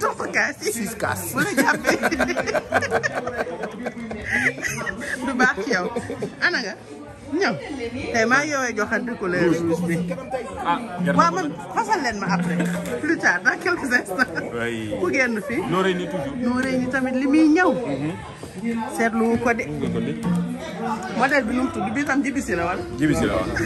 topp kaas yi six kaas mën a jàppee du baax yow ana nga ñëw tey maa yowee joxante eh, couleur rouge bi man fasal leen ma après plus tard dans quelques instants ku génn fii nooree ni ni tamit li muy ñëw seetlu ko de modèle bi nu mu tudd tam jibisi la wala jibisi la wala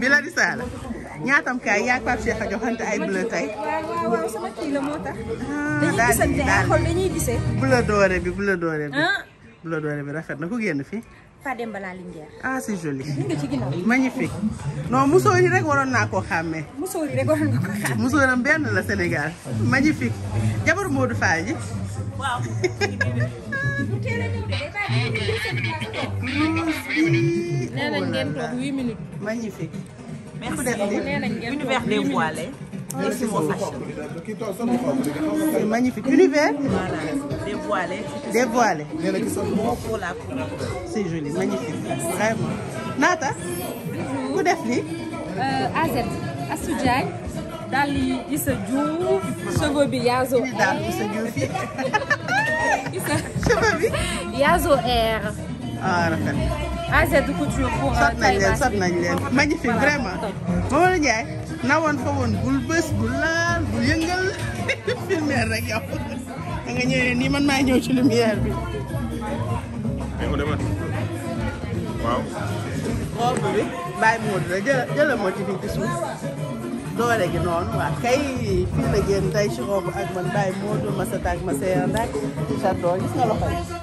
bi la ñaatam kaay yaa ngi Pape Cheikh a joxante ay bleu tey. waaw ah, bleu doré bi bleu doré bi. Ah. bleu doré bi rafet na ko génn fii. Fademba laa Linguère. ah c'est joli. magnifique non musóor rek waroon naa koo xàmmee. musóor yi rek waroon naa koo xàmmee. musóoram benn la Sénégal. magnifique jabar Modou Fall ji. Oh magnifique. merci univers dévoilé. Merci C'est magnifique. Univers Voilà, Des Dévoilé. Pour la C'est joli, magnifique. Vraiment. Nata Ku def ni euh, AZ Asujai. Diagne daal yi Issa Diouf cheveux Yazo R Issa Diouf Yazo R ah rafet AZ ah, couture pour taille basse bi sot nañ leen sot nañ leen magnifique euh, vraiment Mamadou Ndiaye nawoon fa woon bul bés bul laal bul yëngal filmer rek yow da nga nii man maa ñëw ci lumière bi. Eh, waaw. bi bàyyi Modou la jëla jëla moo ci suuf doole gi noonu waaw kay fii la génn tey ci robe ak man bàyyi Modou Masata ak Masaya Ndak Chardon gis nga loxo